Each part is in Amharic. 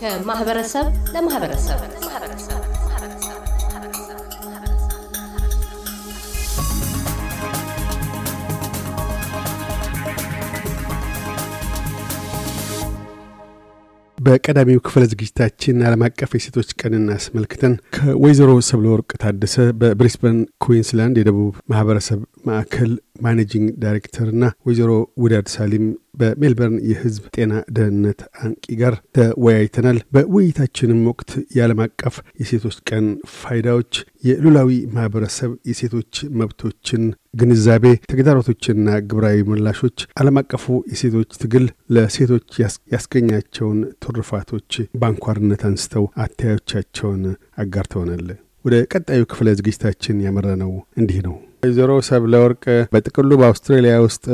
ከማህበረሰብ ለማህበረሰብ በቀዳሚው ክፍለ ዝግጅታችን ዓለም አቀፍ የሴቶች ቀንን አስመልክተን ከወይዘሮ ሰብለወርቅ ታደሰ በብሪስበን ኩዊንስላንድ የደቡብ ማህበረሰብ ማዕከል ማኔጂንግ ዳይሬክተርና ወይዘሮ ውዳድ ሳሊም በሜልበርን የህዝብ ጤና ደህንነት አንቂ ጋር ተወያይተናል። በውይይታችንም ወቅት የዓለም አቀፍ የሴቶች ቀን ፋይዳዎች፣ የሉላዊ ማህበረሰብ የሴቶች መብቶችን ግንዛቤ፣ ተግዳሮቶችና ግብራዊ ምላሾች፣ ዓለም አቀፉ የሴቶች ትግል ለሴቶች ያስገኛቸውን ትሩፋቶች በአንኳርነት አንስተው አተያዮቻቸውን አጋርተውናል። ወደ ቀጣዩ ክፍለ ዝግጅታችን ያመራ ነው እንዲህ ነው። ወይዘሮ ሰብለ ወርቅ በጥቅሉ በአውስትራሊያ ውስጥ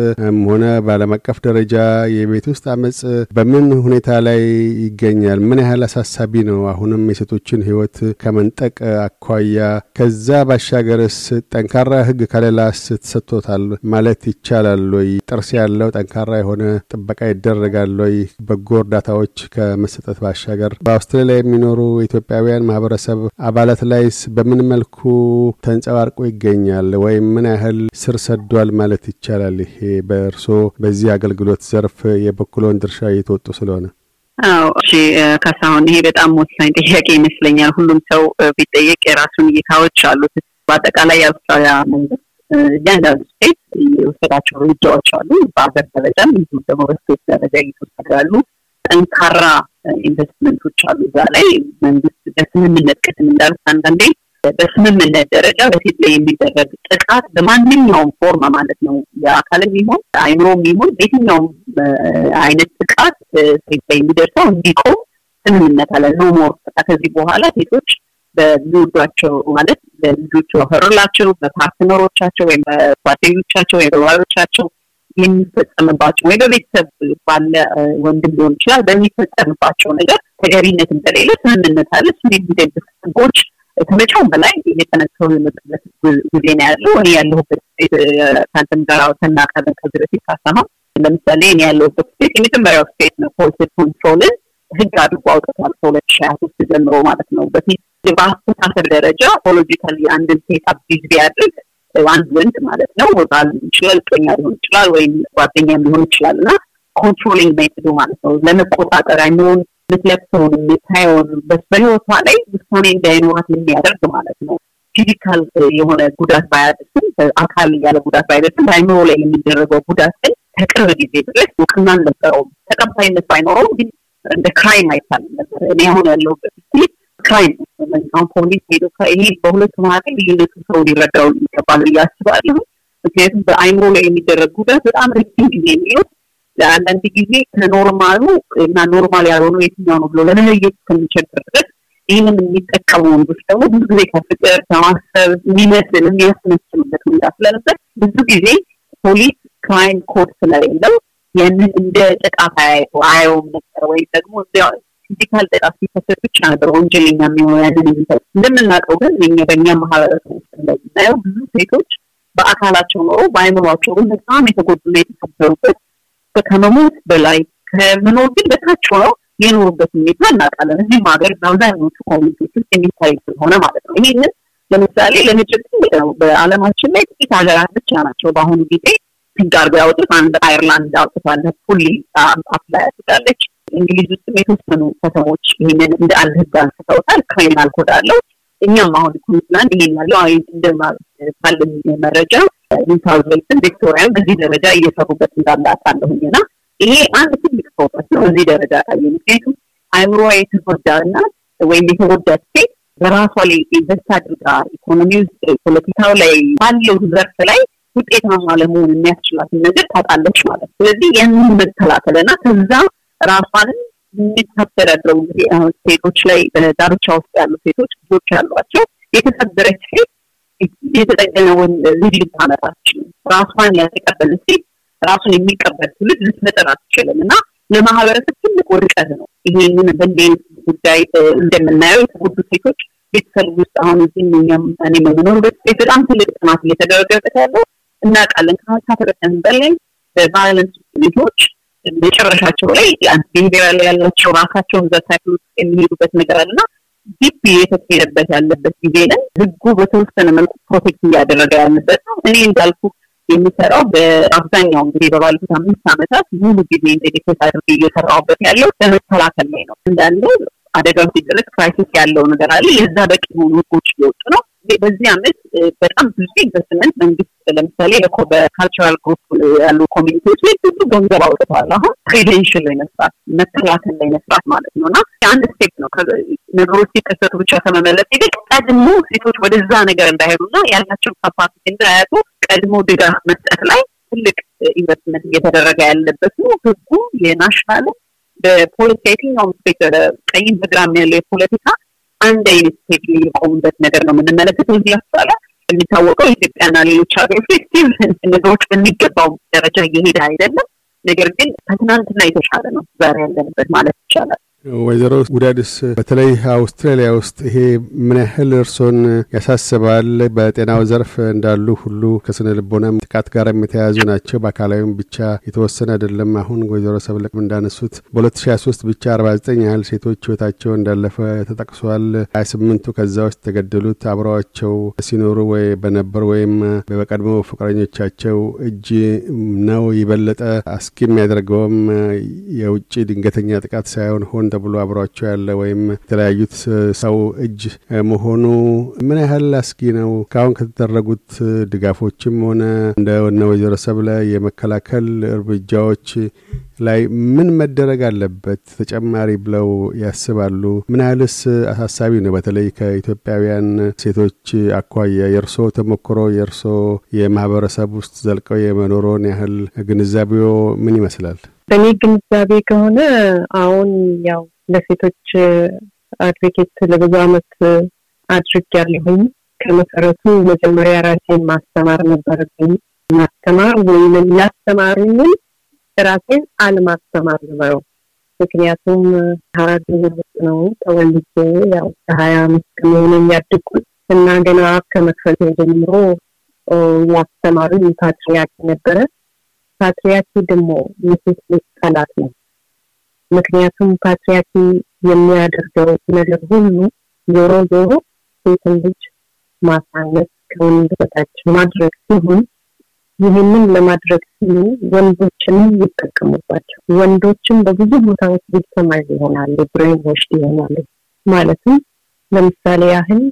ሆነ በዓለም አቀፍ ደረጃ የቤት ውስጥ አመፅ በምን ሁኔታ ላይ ይገኛል? ምን ያህል አሳሳቢ ነው? አሁንም የሴቶችን ህይወት ከመንጠቅ አኳያ፣ ከዛ ባሻገርስ ጠንካራ ህግ ከሌላስ ተሰጥቶታል ማለት ይቻላል ወይ? ጥርስ ያለው ጠንካራ የሆነ ጥበቃ ይደረጋል ወይ? በጎ እርዳታዎች ከመሰጠት ባሻገር በአውስትራሊያ የሚኖሩ ኢትዮጵያውያን ማህበረሰብ አባላት ላይስ በምን መልኩ ተንጸባርቆ ይገኛል ወይ ላይ ምን ያህል ስር ሰዷል ማለት ይቻላል? ይሄ በእርስዎ በዚህ አገልግሎት ዘርፍ የበኩሎን ድርሻ እየተወጡ ስለሆነ። አዎ እሺ ካሳሁን፣ ይሄ በጣም ወሳኝ ጥያቄ ይመስለኛል። ሁሉም ሰው ቢጠየቅ የራሱን እይታዎች አሉት። በአጠቃላይ የአውስትራሊያ መንግስት እያንዳንዱ ስቴት የወሰዳቸው እርምጃዎች አሉ። በአገር ደረጃም እንዲሁም ደግሞ በስቴት ደረጃ እየተወሰዱ ጠንካራ ኢንቨስትመንቶች አሉ። እዛ ላይ መንግስት በስምምነት ቅድም እንዳልኩት አንዳንዴ በስምምነት ደረጃ በሴት ላይ የሚደረግ ጥቃት በማንኛውም ፎርም ማለት ነው፣ የአካልም ይሁን አይምሮም ይሁን በየትኛውም አይነት ጥቃት ሴት ላይ የሚደርሰው እንዲቆም ስምምነት አለ። ኖሞር ከዚህ በኋላ ሴቶች በሚወዷቸው ማለት በልጆቹ ህርላቸው በፓርትነሮቻቸው ወይም በጓደኞቻቸው ወይም በባሮቻቸው የሚፈጸምባቸው ወይ በቤተሰብ ባለ ወንድም ሊሆን ይችላል በሚፈጸምባቸው ነገር ተገቢነት እንደሌለ ስምምነት አለ። ስሜ የሚደግፍ ህጎች ከመቼውም በላይ እየተነሰው የመጡበት ጊዜ ነው ያለው። እኔ ያለሁበት ስቴት ከአንተም ጋር አውተና ቀደም ከዚህ በፊት ካሰማ ለምሳሌ እኔ ያለሁበት ስቴት የመጀመሪያው ስቴት ነው ፖሊሲ ኮንትሮልን ህግ አድርጎ አውጥቷል። ከሁለት ሺህ ሀያ ሶስት ጀምሮ ማለት ነው። በፊት በአስተሳሰብ ደረጃ ፖሎጂካሊ አንድን ሴት አብዲዝ ቢያድርግ አንድ ወንድ ማለት ነው ባል ይችላል፣ ጦኛ ሊሆን ይችላል፣ ወይም ጓደኛም ሊሆን ይችላል እና ኮንትሮሊንግ ሜቶዱ ማለት ነው ለመቆጣጠር አይኖን የምትለብሰውን የምታየውን በህይወቷ ላይ ውሳኔ እንዳይኖራት የሚያደርግ ማለት ነው። ፊዚካል uh, የሆነ ጉዳት ባያደርስም አካል ያለ ጉዳት ባያደርስም በአይምሮ ላይ የሚደረገው ጉዳት ግን ከቅርብ ጊዜ ድረስ እውቅና አልነበረውም። ተቀባይነት ባይኖረውም ግን እንደ ክራይም አይታልም ነበር። እኔ አሁን ያለሁበት ስቴት ክራይም አሁን ፖሊስ ሄዶ ይሄ በሁለቱ መካከል ልዩነቱ ሰው ሊረዳው ይገባል ብዬ አስባለሁ። ምክንያቱም በአይምሮ ላይ የሚደረግ ጉዳት በጣም ረጅም ጊዜ የሚወስድ አንዳንድ ጊዜ ከኖርማሉ እና ኖርማል ያልሆኑ የትኛው ነው ብሎ ለመለየት ከሚቸግር ድረስ ይህንን የሚጠቀሙ ወንዶች ደግሞ ብዙ ጊዜ ከፍቅር ከማሰብ የሚመስል የሚያስመስልበት ሁኔታ ስለነበር ብዙ ጊዜ ፖሊስ ክራይም ኮድ ስለሌለው ያንን እንደ ጥቃት አያየቱ አያየውም ነበር ወይ ደግሞ ፊዚካል ጥቃት ሲከሰት ብቻ ነበር ወንጀለኛ የሚሆነው ያንን የሚሰጥ እንደምናውቀው ግን ኛ በእኛ ማህበረሰብ ውስጥ እንደምናየው ብዙ ሴቶች በአካላቸው ኖሮ በአይምሯቸው ግን በጣም የተጎዱና የተከበሩበት ከመሞት በላይ ከመኖር ግን በታች ሆነው የኖሩበት ሁኔታ እናውቃለን። እዚህም ሀገር በአብዛኞቹ ኮሚኒቲዎች ውስጥ የሚታይ ስለሆነ ማለት ነው። ይህንን ለምሳሌ ለንጭት ነው። በዓለማችን ላይ ጥቂት ሀገራት ብቻ ናቸው በአሁኑ ጊዜ ህግ አድርገው ያወጡት። አንድ አይርላንድ አውጥታለች፣ ሁሌ አፕላይ አድርጋለች። እንግሊዝ ውስጥም የተወሰኑ ከተሞች ይህንን እንደ አንድ ህግ አንስተውታል። ክሪሚናል ኮድ አለው። እኛም አሁን ፑንትላንድ ይሄን ያለው እንደማ ካለን መረጃ ኒውሳውዝዌልስን ቪክቶሪያን በዚህ ደረጃ እየሰሩበት እንዳለ አሳለሁኝ ና ይሄ አንድ ትልቅ ፕሮሰስ ነው። በዚህ ደረጃ ካየ ምክንያቱም አይምሮ የተጎዳ ና ወይም የተጎዳ ስቴት በራሷ ላይ ኢንቨስት አድርጋ ኢኮኖሚ ውስጥ ፖለቲካው ላይ ባለው ዘርፍ ላይ ውጤታማ ለመሆን የሚያስችላትን ነገር ታጣለች ማለት ነው። ስለዚህ ያንን ና ከዛ ራሷንም የምታስተዳድረው እንግዲህ ሴቶች ላይ በዳርቻ ውስጥ ያሉ ሴቶች ልጆች ያሏቸው የተሰበረች ሴት የተጠገነውን ልጅ ማመጣችን ራሷን ያልተቀበል ሴት ራሱን የሚቀበል ትውልድ ልትመጠን አትችልም እና ለማህበረሰብ ትልቅ ውድቀት ነው። ይሄንን በንዴ ጉዳይ እንደምናየው የተጎዱ ሴቶች ቤተሰብ ውስጥ አሁን እዚህ እኛም እኔ መኖር በጣም ትልቅ ጥናት እየተደረገበት ያለው እናውቃለን። ከሀሳ ተቀጠን በላይ በቫይለንስ ልጆች መጨረሻቸው ላይ አንድ ላይ ያላቸው ራሳቸውን ዘሳይ ውስጥ የሚሄዱበት ነገር አለና ዲፕ የተካሄደበት ያለበት ጊዜ ላይ ህጉ በተወሰነ መልኩ ፕሮቴክት እያደረገ ያለበት ነው። እኔ እንዳልኩ የሚሰራው በአብዛኛው እንግዲህ በባለፉት አምስት ዓመታት ሙሉ ጊዜ ዴዲኬት አድርጌ እየሰራሁበት ያለው በመከላከል ላይ ነው። እንዳለ አደጋው ሲደረግ ክራይሲስ ያለው ነገር አለ። የዛ በቂ የሆኑ ህጎች እየወጡ ነው። በዚህ አመት በጣም ብዙ ኢንቨስትመንት መንግስት ውስጥ ለምሳሌ በካልቸራል ግሩፕ ያሉ ኮሚኒቲዎች ላይ ብዙ ገንዘብ አውጥተዋል። አሁን ፕሬቬንሽን ላይ መስራት መከላከል ላይ መስራት ማለት ነው እና የአንድ ስቴፕ ነው። ነገሮች ሲከሰቱ ብቻ ከመመለስ ይልቅ ቀድሞ ሴቶች ወደዛ ነገር እንዳይሄዱና ያላቸው ካፓሲቲ እንዳያጡ ቀድሞ ድጋፍ መስጠት ላይ ትልቅ ኢንቨስትመንት እየተደረገ ያለበት ነው። ህጉ የናሽናል በፖለቲካ የትኛውም ስፔክተር ቀይም በግራም ያለው የፖለቲካ አንድ አይነት ስቴት የሚቆሙበት ነገር ነው የምንመለከተው እዚህ ያስባላል የሚታወቀው ኢትዮጵያና ሌሎች ሀገሮች ኤፌክቲቭ ነገሮች በሚገባው ደረጃ እየሄደ አይደለም። ነገር ግን ከትናንትና የተሻለ ነው ዛሬ ያለንበት ማለት ይቻላል። ወይዘሮ ጉዳድስ በተለይ አውስትራሊያ ውስጥ ይሄ ምን ያህል እርሶን ያሳስባል? በጤናው ዘርፍ እንዳሉ ሁሉ ከስነ ልቦናም ጥቃት ጋርም የተያያዙ ናቸው። በአካላዊም ብቻ የተወሰነ አይደለም። አሁን ወይዘሮ ሰብለቅ እንዳነሱት በ2023 ብቻ 49 ያህል ሴቶች ህይወታቸው እንዳለፈ ተጠቅሷል። 28ቱ ከዛ ውስጥ ተገደሉት አብረዋቸው ሲኖሩ ወይ በነበር ወይም በቀድሞ ፍቅረኞቻቸው እጅ ነው። የበለጠ አስጊ የሚያደርገውም የውጭ ድንገተኛ ጥቃት ሳይሆን ሆን ተብሎ አብሯቸው ያለ ወይም የተለያዩት ሰው እጅ መሆኑ ምን ያህል አስጊ ነው? ካሁን ከተደረጉት ድጋፎችም ሆነ እንደ ወይዘሮ ሰብለ የመከላከል እርምጃዎች ላይ ምን መደረግ አለበት ተጨማሪ ብለው ያስባሉ? ምን ያህልስ አሳሳቢ ነው? በተለይ ከኢትዮጵያውያን ሴቶች አኳያ የእርሶ ተሞክሮ የእርሶ የማህበረሰብ ውስጥ ዘልቀው የመኖሮን ያህል ግንዛቤው ምን ይመስላል? በእኔ ግንዛቤ ከሆነ አሁን ያው ለሴቶች አድቮኬት ለብዙ አመት አድርግ ያለሁኝ ከመሰረቱ መጀመሪያ ራሴን ማስተማር ነበረብኝ። ማስተማር ወይም ያስተማሩኝን ራሴን አለማስተማር ነው። ምክንያቱም ሀራድ ውስጥ ነው ተወልጄ ያው ሀያ አምስት ከመሆኑ ያድኩት እና ገና ከመክፈል ጀምሮ ያስተማሩ ፓትሪያርክ ነበረ። ፓትሪያርኪ ደግሞ የሴት ልጅ ጠላት ነው። ምክንያቱም ፓትሪያርኪ የሚያደርገው ነገር ሁሉ ዞሮ ዞሮ ሴትን ልጅ ማሳነት ከወንድ በታች ማድረግ ሲሆን ይህንን ለማድረግ ሲሉ ወንዶችንም ይጠቀሙባቸው። ወንዶችም በብዙ ቦታዎች ቪክቲማይዝ ይሆናሉ፣ ብሬን ወሽድ ይሆናሉ። ማለትም ለምሳሌ ያህል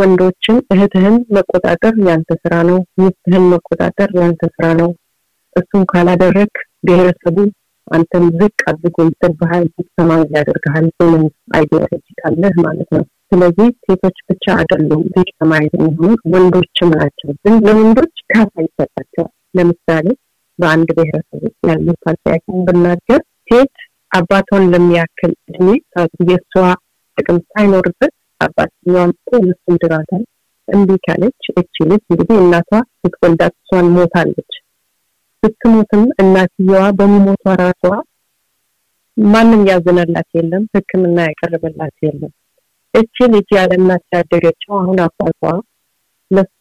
ወንዶችን እህትህን መቆጣጠር ያንተ ስራ ነው፣ ሚስትህን መቆጣጠር ያንተ ስራ ነው፣ እሱን ካላደረግ ብሔረሰቡ አንተም ዝቅ አድርጎ ይሰብሃል፣ ቪክቲማይዝ ያደርግሃል። ምን አይዲዮሎጂ ካለህ ማለት ነው። ስለዚህ ሴቶች ብቻ አይደሉም ቪክቲማይዝ የሚሆኑት ወንዶችም ናቸው። ግን ለወንዶች ካሳ ይሰጣቸዋል። ለምሳሌ በአንድ ብሔረሰብ ውስጥ ያሉ ፓትሪያርኪን ብናገር ሴት አባቷን ለሚያክል እድሜ የእሷ ጥቅም ሳይኖርበት አባትኛዋን ፖሊስ ድራታል። እምቢ ካለች እቺ ልጅ እንግዲህ እናቷ ስትወልዳት እሷን ሞታለች። ስትሞትም እናትየዋ በሚሞቷ ራሷ ማንም ያዘነላት የለም፣ ሕክምና ያቀርበላት የለም። እቺ ልጅ ያለእናት አሁን አባቷ ለሱ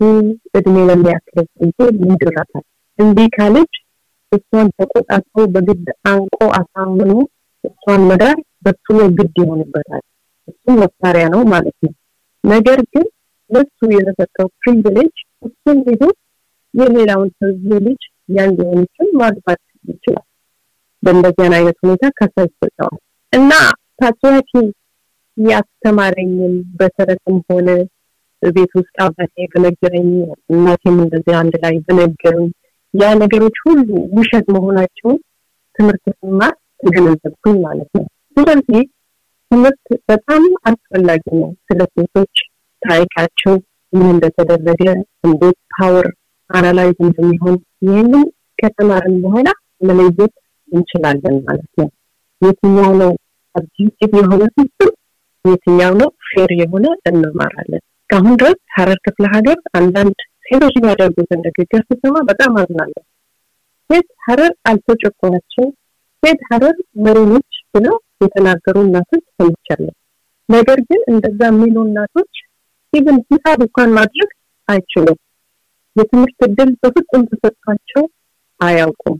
እድሜ ለሚያክለው ሰውዬ ምን እንዲህ ካለች እሷን ተቆጣጥሮ በግድ አንቆ አሳምኖ እሷን መዳር በሱ ላይ ግድ ይሆንበታል። እሱ መሳሪያ ነው ማለት ነው። ነገር ግን ለሱ የተሰጠው ፕሪቪሌጅ እሱም ቢሆን የሌላውን ሰው ልጅ ያን የሆነችን ማግባት ይችላል። በእንደዚያን አይነት ሁኔታ ከሳ ይሰጠዋል እና ታጽዋች ያስተማረኝም በተረትም ሆነ ቤት ውስጥ አባቴ በነገረኝ እናቴም እንደዚህ አንድ ላይ በነገሩኝ ያ ነገሮች ሁሉ ውሸት መሆናቸውን ትምህርት ስማር ተገነዘብኩኝ ማለት ነው። ስለዚህ ትምህርት በጣም አስፈላጊ ነው። ስለ ሴቶች ታሪካቸው ምን እንደተደረገ፣ እንዴት ፓወር አናላይዝ እንደሚሆን ይህንን ከተማርን በኋላ መለየት እንችላለን ማለት ነው። የትኛው ነው አብዩቲቭ የሆነ ሲስተም የትኛው ነው ፌር የሆነ እንማራለን። እስካሁን ድረስ ሀረር ክፍለ ሀገር አንዳንድ ሴቶች የሚያደርጉትን ንግግር ስሰማ በጣም አዝናለሁ። ሴት ሀረር አልተጨቆነችም፣ ሴት ሀረር መሪኖች ብለው የተናገሩ እናቶች ሰምቻለሁ። ነገር ግን እንደዛ የሚሉ እናቶች ኢቭን ሂሳብ እንኳን ማድረግ አይችሉም። የትምህርት እድል በፍጹም ተሰጥቷቸው አያውቁም።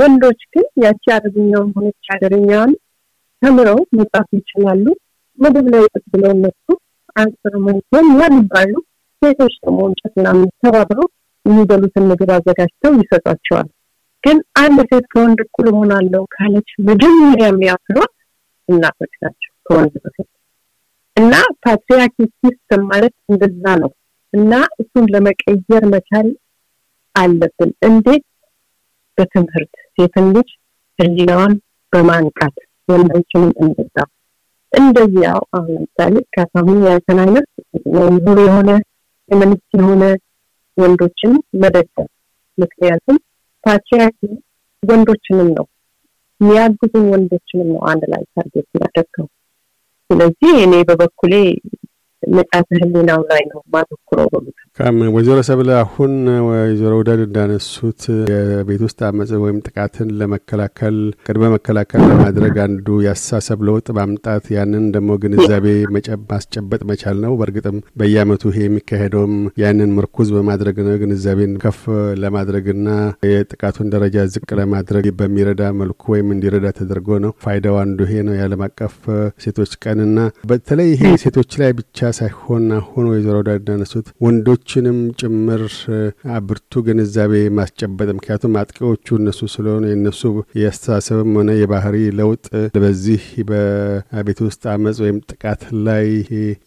ወንዶች ግን ያቺ አረብኛውም ሆነች ሀገርኛዋን ተምረው መጻፍ ይችላሉ። ምግብ ላይ ወጥ ብለው እነሱ አንስርሞን ያልባሉ ሴቶች ደግሞ እንጨት ምናምን ተባብረው የሚበሉትን ምግብ አዘጋጅተው ይሰጧቸዋል። ግን አንድ ሴት ከወንድ እኩል እሆናለሁ ካለች መጀመሪያ የሚያፍሯት እናቶች ናቸው ከወንድ በፊት እና ፓትሪያርኪ ሲስተም ማለት እንደዛ ነው እና እሱን ለመቀየር መቻል አለብን። እንዴት? በትምህርት ሴትን ልጅ ህሊናዋን በማንቃት ወንዶችንም እንደዛ እንደዚህ ያው አሁን ለምሳሌ ከፋሚሊ ያልተን አይነት ሙሉ የሆነ የመንግስት የሆነ ወንዶችን መደገፍ ምክንያቱም ፓትሪያርኪ ወንዶችንም ነው የሚያግዙ ወንዶችንም ነው አንድ ላይ ታርጌት ያደርገው። ስለዚህ እኔ በበኩሌ ንቃተ ህሊናው ላይ ነው ማተኩሮ በሉት። ወይዘሮ ሰብለ አሁን ወይዘሮ ውዳድ እንዳነሱት የቤት ውስጥ አመፅ ወይም ጥቃትን ለመከላከል ቅድመ መከላከል ለማድረግ አንዱ የአስተሳሰብ ለውጥ ማምጣት ያንን ደግሞ ግንዛቤ ማስጨበጥ መቻል ነው። በእርግጥም በየአመቱ ይሄ የሚካሄደውም ያንን ምርኩዝ በማድረግ ነው። ግንዛቤን ከፍ ለማድረግና የጥቃቱን ደረጃ ዝቅ ለማድረግ በሚረዳ መልኩ ወይም እንዲረዳ ተደርጎ ነው። ፋይዳው አንዱ ይሄ ነው። የዓለም አቀፍ ሴቶች ቀንና በተለይ ይሄ ሴቶች ላይ ብቻ ብቻ ሳይሆን አሁን ወይዘሮ ዳዳ እንዳነሱት ወንዶችንም ጭምር አብርቱ ግንዛቤ ማስጨበጥ፣ ምክንያቱም አጥቂዎቹ እነሱ ስለሆኑ የእነሱ የአስተሳሰብም ሆነ የባህሪ ለውጥ በዚህ በቤት ውስጥ አመፅ ወይም ጥቃት ላይ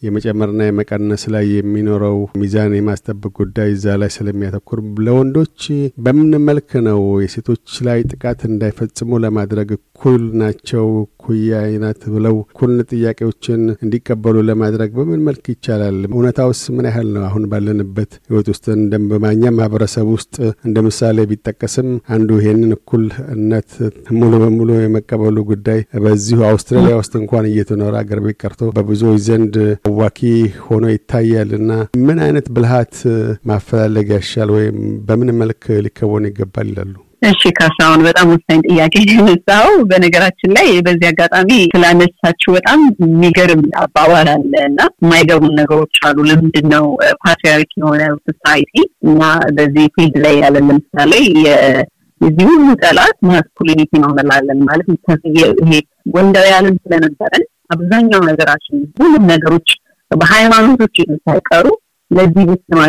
የመጨመርና የመቀነስ ላይ የሚኖረው ሚዛን የማስጠበቅ ጉዳይ እዛ ላይ ስለሚያተኩር ለወንዶች በምን መልክ ነው የሴቶች ላይ ጥቃት እንዳይፈጽሙ ለማድረግ እኩል ናቸው ኩያ አይነት ብለው እኩልን ጥያቄዎችን እንዲቀበሉ ለማድረግ በምን መልክ ይቻላል? እውነታውስ ምን ያህል ነው? አሁን ባለንበት ህይወት ውስጥ እንደ በማኛ ማህበረሰብ ውስጥ እንደ ምሳሌ ቢጠቀስም አንዱ ይሄንን እኩልነት ሙሉ በሙሉ የመቀበሉ ጉዳይ በዚሁ አውስትራሊያ ውስጥ እንኳን እየተኖረ አገር ቤት ቀርቶ በብዙዎች ዘንድ አዋኪ ሆኖ ይታያል እና ምን አይነት ብልሃት ማፈላለግ ያሻል ወይም በምን መልክ ሊከወን ይገባል ይላሉ? እሺ ካሳሁን፣ በጣም ወሳኝ ጥያቄ የነሳው። በነገራችን ላይ በዚህ አጋጣሚ ስላነሳችሁ በጣም የሚገርም አባባል አለ እና የማይገቡን ነገሮች አሉ። ለምንድን ነው ፓትሪያርክ የሆነ ሶሳይቲ እና በዚህ ፊልድ ላይ ያለ ለምሳሌ የዚህ ሁሉ ጠላት ማስኩሊኒቲ ነው መላለን ማለት ይሄ ወንዳዊ ያለን ስለነበረን አብዛኛው ነገራችን ሁሉም ነገሮች በሃይማኖቶች ሳይቀሩ ለዚህ ብስ ነው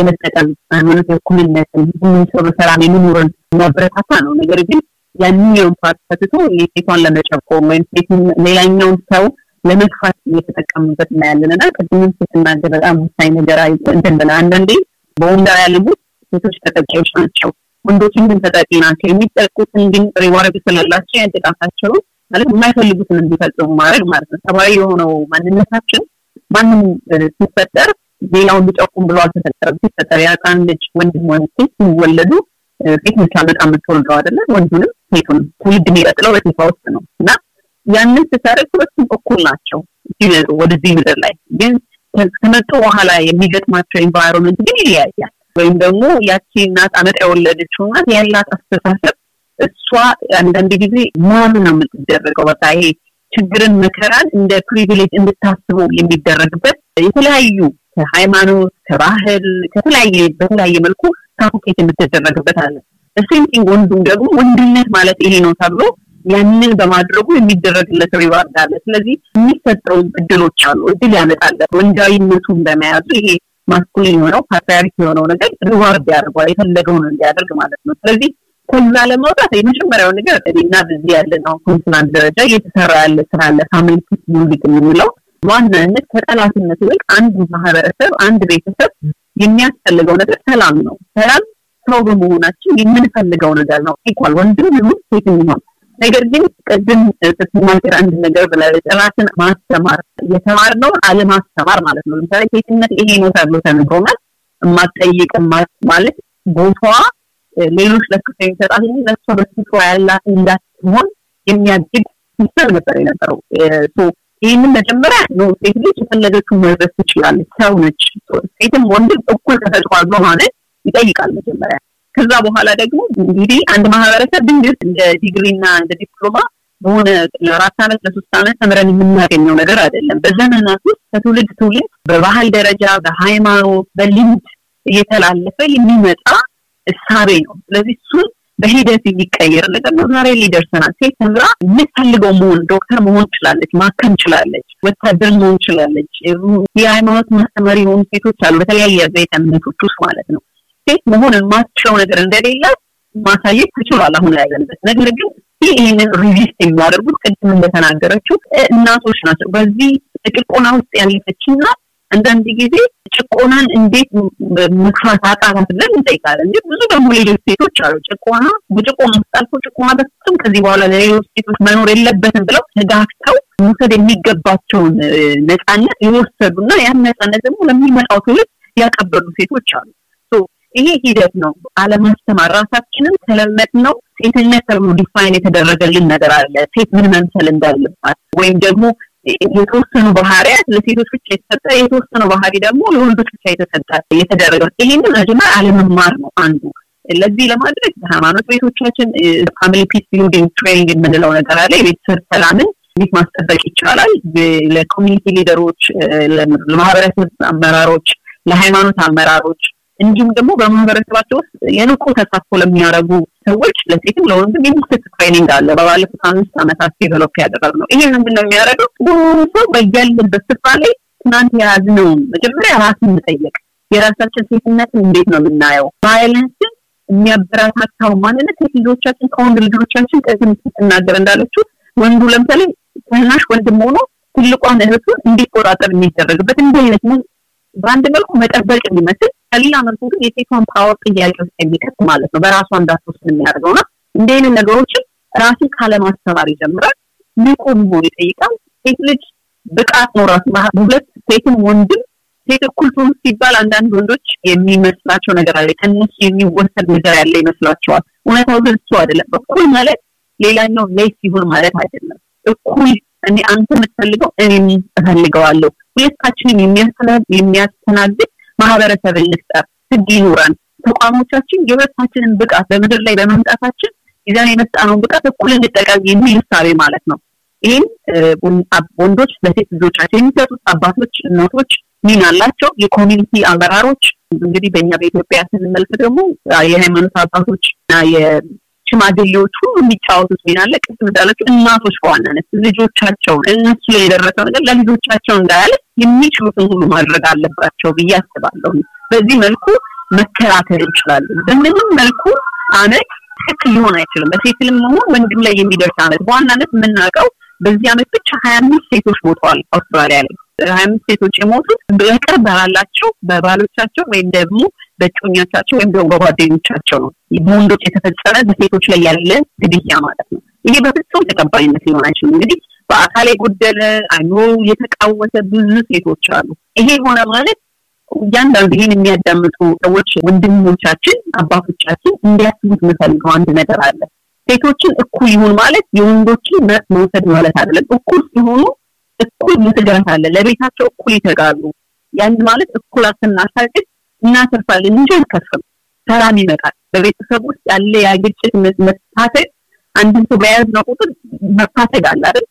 የመጠቀም ሃይማኖት የእኩልነትን ሁሉም ሰው በሰላም የሚኖረን የሚያበረታታ ነው። ነገር ግን ያንኛውን ፓርት ፈትቶ የሴቷን ለመጨቆም ወይም ሴቱን ሌላኛውን ሰው ለመግፋት እየተጠቀምበት እናያለን እና ቅድምም ስትናገር በጣም ወሳኝ ነገር እንትን ብለ አንዳንዴ በወንዳ ያለሙት ሴቶች ተጠቂዎች ናቸው፣ ወንዶችን ግን ተጠቂ ናቸው። የሚጠቁትን ግን ሪዋረድ ስለላቸው ያንጥቃታቸው ማለት የማይፈልጉትን እንዲፈጽሙ ማድረግ ማለት ነው። ሰብዊ የሆነው ማንነታችን ማንም ሲፈጠር ሌላውን ሊጠቁም ብሎ አልተፈጠረም። ሲፈጠር የአቃን ልጅ ወንድም ሆነ ሴት ሲወለዱ ሴት ነች አመጣ የምትወልደው አይደለም ወንዱንም ሴቱንም ትውልድ የሚቀጥለው በሴቷ ውስጥ ነው እና ያንን ስታደርግ ሁለቱም እኩል ናቸው ሲመጡ ወደዚህ ምድር ላይ ግን ከመጡ በኋላ የሚገጥማቸው ኤንቫይሮንመንት ግን ይለያያል ወይም ደግሞ ያቺ እናት አመጣ የወለደችው እናት ያላት አስተሳሰብ እሷ አንዳንድ ጊዜ ማን ነው የምትደረገው በቃ ይሄ ችግርን መከራን እንደ ፕሪቪሌጅ እንድታስቡ የሚደረግበት የተለያዩ ከሃይማኖት ከባህል ከተለያየ በተለያየ መልኩ ካፑኬት የምትደረግበት አለ። ሴምቲንግ ወንዱም ደግሞ ወንድነት ማለት ይሄ ነው ተብሎ ያንን በማድረጉ የሚደረግለት ሪዋርድ አለ። ስለዚህ የሚሰጠው እድሎች አሉ፣ እድል ያመጣለ ወንዳዊነቱን በመያዙ ይሄ ማስኩሊን የሆነው ፓትሪያርክ የሆነው ነገር ሪዋርድ ያደርገዋል፣ የፈለገውን እንዲያደርግ ማለት ነው። ስለዚህ ከዛ ለመውጣት የመጀመሪያው ነገር እና በዚህ ያለ ነው ፑንትላንድ ደረጃ እየተሰራ ያለ ስራ አለ። ፋሚሊ ሙዚቅ የምንለው ዋናነት ከጠላትነት ይልቅ አንድ ማህበረሰብ አንድ ቤተሰብ የሚያስፈልገው ነገር ሰላም ነው። ሰላም ሰው መሆናችን የምንፈልገው ነገር ነው። ኢኳል ወንድም ይሁን ሴት ይሁን ነገር ግን ቅድም ተስማማከር አንድ ነገር ብላለች። ራስን ማስተማር የተማርነውን አለማስተማር ማለት ነው። ለምሳሌ ሴትነት ይሄ ነው ተብሎ ተነግሮናል። የማትጠይቅ ማለት ቦታዋ ሌሎች ለክፍ ይሰጣል እንጂ ለእሷ በስፍራ ያላት እንዳትሆን የሚያድግ ሲስተም ነበር የነበረው ይህንን መጀመሪያ ነው ሴት ልጅ የፈለገችው መድረስ ትችላለች። ሰው ነች። ሴትም ወንድም እኩል ተፈጥሯል ማለት ይጠይቃል መጀመሪያ። ከዛ በኋላ ደግሞ እንግዲህ አንድ ማህበረሰብ ድንግት እንደ ዲግሪና እንደ ዲፕሎማ በሆነ ለአራት ዓመት ለሶስት ዓመት ተምረን የምናገኘው ነገር አይደለም። በዘመናት ውስጥ ከትውልድ ትውልድ በባህል ደረጃ በሃይማኖት፣ በልምድ እየተላለፈ የሚመጣ እሳቤ ነው። ስለዚህ እሱን በሂደት የሚቀየር ነገር ነው። ዛሬ ሊደርሰናል። ሴት ተምራ የምትፈልገው መሆን ዶክተር መሆን ችላለች፣ ማከም ችላለች፣ ወታደር መሆን ችላለች። የሃይማኖት ማስተማሪ የሆኑ ሴቶች አሉ፣ በተለያየ ቤተ እምነቶች ውስጥ ማለት ነው። ሴት መሆን የማትችለው ነገር እንደሌለ ማሳየት ትችሏል። አሁን ያለንበት ነገር ግን ይህንን ሪዚስት የሚያደርጉት ቅድም እንደተናገረችው እናቶች ናቸው። በዚህ ጥቅቆና ውስጥ ያለፈች እናት አንዳንድ ጊዜ ጭቆናን እንዴት መግፋት አቃታት ብለን እንጠይቃለን። እንጂ ብዙ ደግሞ ሌሎች ሴቶች አሉ ጭቆና በጭቆና ስጣልፎ ጭቆና በፍጹም ከዚህ በኋላ ለሌሎች ሴቶች መኖር የለበትም ብለው ተጋግተው መውሰድ የሚገባቸውን ነፃነት የወሰዱና ያን ነፃነት ደግሞ ለሚመጣው ትውልድ ያቀበሉ ሴቶች አሉ። ይሄ ሂደት ነው። አለማስተማር ራሳችንን ተለመድ ነው። ሴትነት ተብሎ ዲፋይን የተደረገልን ነገር አለ። ሴት ምን መምሰል እንዳለባት ወይም ደግሞ የተወሰኑ ባህሪያት ለሴቶች ብቻ የተሰጠ የተወሰኑ ባህሪ ደግሞ ለወንዶች ብቻ የተሰጠ የተደረገ ይህንን መጀመሪያ አለመማር ነው አንዱ። ለዚህ ለማድረግ በሃይማኖት ቤቶቻችን ፋሚሊ ፒስ ቢልዲንግ ትሬኒንግ የምንለው ነገር አለ። የቤተሰብ ሰላምን እንዴት ማስጠበቅ ይቻላል? ለኮሚኒቲ ሊደሮች፣ ለማህበረሰብ አመራሮች፣ ለሃይማኖት አመራሮች እንዲሁም ደግሞ በማህበረሰባቸው ውስጥ የንቁ ተሳትፎ ለሚያደረጉ ሰዎች ለሴትም ለወንድም የሚሰጥ ትሬኒንግ አለ። በባለፉት አምስት ዓመታት ዴቨሎፕ ነው ይሄ ምንድን ነው የሚያደርገው ሁሉ ሰው በያለበት ስፍራ ላይ ትናንት የያዝነውን መጀመሪያ ራስን መጠየቅ፣ የራሳችን ሴትነት እንዴት ነው የምናየው፣ ቫይለንስን የሚያበራታታው ማንነት ሴት ልጆቻችን ከወንድ ልጆቻችን ቀዝም ስትናገር እንዳለችው ወንዱ ለምሳሌ ትናሽ ወንድም ሆኖ ትልቋን እህቱን እንዲቆጣጠር የሚደረግበት እንዲህ አይነት በአንድ መልኩ መጠበቅ የሚመስል ከሌላ መልኩ ግን የሴቷን ፓወር ጥያቄ ውስጥ የሚከት ማለት ነው። በራሷ እንዳትወስን የሚያደርገው ነው። እንዲህ አይነት ነገሮችን ራስን ካለማስተማር ይጀምራል። ንቁ መሆን ይጠይቃል። ሴት ልጅ ብቃት ኖራት ሁለት ሴትም ወንድም ሴት እኩል ትሆን ሲባል አንዳንድ ወንዶች የሚመስላቸው ነገር አለ፣ ከነሱ የሚወሰድ ነገር ያለ ይመስላቸዋል። እውነታው ግን እሱ አይደለም። እኩል ማለት ሌላኛው ላይ ሲሆን ማለት አይደለም። እኩል እኔ አንተ የምትፈልገው እኔ እፈልገዋለሁ፣ ሁለታችንም የሚያስተናግድ ማህበረሰብ እንፍጠር፣ ህግ ይኑረን። ተቋሞቻችን የሁለታችንን ብቃት በምድር ላይ በመምጣታችን ይዘን የመጣነውን ብቃት እኩል እንጠቀም የሚል ሳቤ ማለት ነው። ይህም ወንዶች ለሴት ልጆቻቸው የሚሰጡት አባቶች፣ እናቶች ሚና አላቸው። የኮሚኒቲ አመራሮች እንግዲህ በእኛ በኢትዮጵያ ስንመልክ ደግሞ የሃይማኖት አባቶች እና ሽማግሌዎች ሁሉ የሚጫወቱት ሚና አለ። ቅድም እንዳላችሁ እናቶች በዋናነት ልጆቻቸውን እነሱ ላይ የደረሰው ነገር ለልጆቻቸው እንዳያለ የሚችሉትን ሁሉ ማድረግ አለባቸው ብዬ አስባለሁ። በዚህ መልኩ መከራከር ይችላሉ። በምንም መልኩ አመት ትክክል ሊሆን አይችልም። በሴትልም መሆን ወንድም ላይ የሚደርስ አመት በዋናነት የምናውቀው በዚህ አመት ብቻ ሀያ አምስት ሴቶች ሞተዋል አውስትራሊያ ላይ ሀያአምስት ሴቶች የሞቱት በቅርብ ባላላቸው በባሎቻቸው ወይም ደግሞ በጮኛቻቸው ወይም ደግሞ በጓደኞቻቸው ነው። በወንዶች የተፈጸመ በሴቶች ላይ ያለ ግድያ ማለት ነው። ይሄ በፍጹም ተቀባይነት ሊሆን አይችልም። እንግዲህ በአካል የጎደለ አይኖ የተቃወሰ ብዙ ሴቶች አሉ። ይሄ ሆነ ማለት እያንዳንዱ ይህን የሚያዳምጡ ሰዎች ወንድሞቻችን፣ አባቶቻችን እንዲያስቡት የምፈልገው አንድ ነገር አለ። ሴቶችን እኩል ይሁን ማለት የወንዶችን መብት መውሰድ ማለት አይደለም። እኩል ሲሆኑ እኩል እንተገረታለን። ለቤታቸው እኩል ይተጋሉ። ያን ማለት እኩላት ስናሳድግ እናተርፋለን እንጂ አንከፍም። ሰላም ይመጣል። በቤተሰብ ውስጥ ያለ ያ ግጭት መታተግ አንድን ሰው ነው ቁጥር መታተግ አለ አይደል?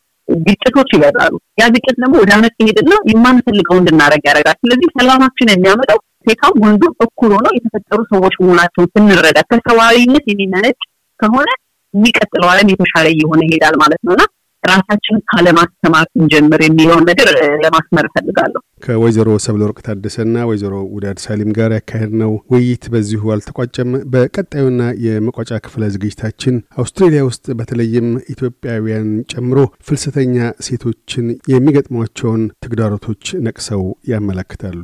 ግጭቶች ይበዛሉ። ያ ግጭት ደግሞ ወደ አመት ይሄድና የማንፈልገው እንድናደርግ ያደርጋል። ስለዚህ ሰላማችን የሚያመጣው ሴቷም ወንዱም እኩል ሆነው የተፈጠሩ ሰዎች መሆናቸውን ስንረዳ ከሰብአዊነት የሚመነጭ ከሆነ የሚቀጥለው አለም የተሻለ እየሆነ ይሄዳል ማለት ነውና ራሳችንን ካለማስተማር እንጀምር የሚለውን ነገር ለማስመር እፈልጋለሁ። ከወይዘሮ ወርቅ ታደሰና ወይዘሮ ውዳድ ሳሊም ጋር ነው ውይይት በዚሁ አልተቋጨም። በቀጣዩና የመቋጫ ክፍለ ዝግጅታችን አውስትሬሊያ ውስጥ በተለይም ኢትዮጵያውያን ጨምሮ ፍልሰተኛ ሴቶችን የሚገጥሟቸውን ተግዳሮቶች ነቅሰው ያመለክታሉ።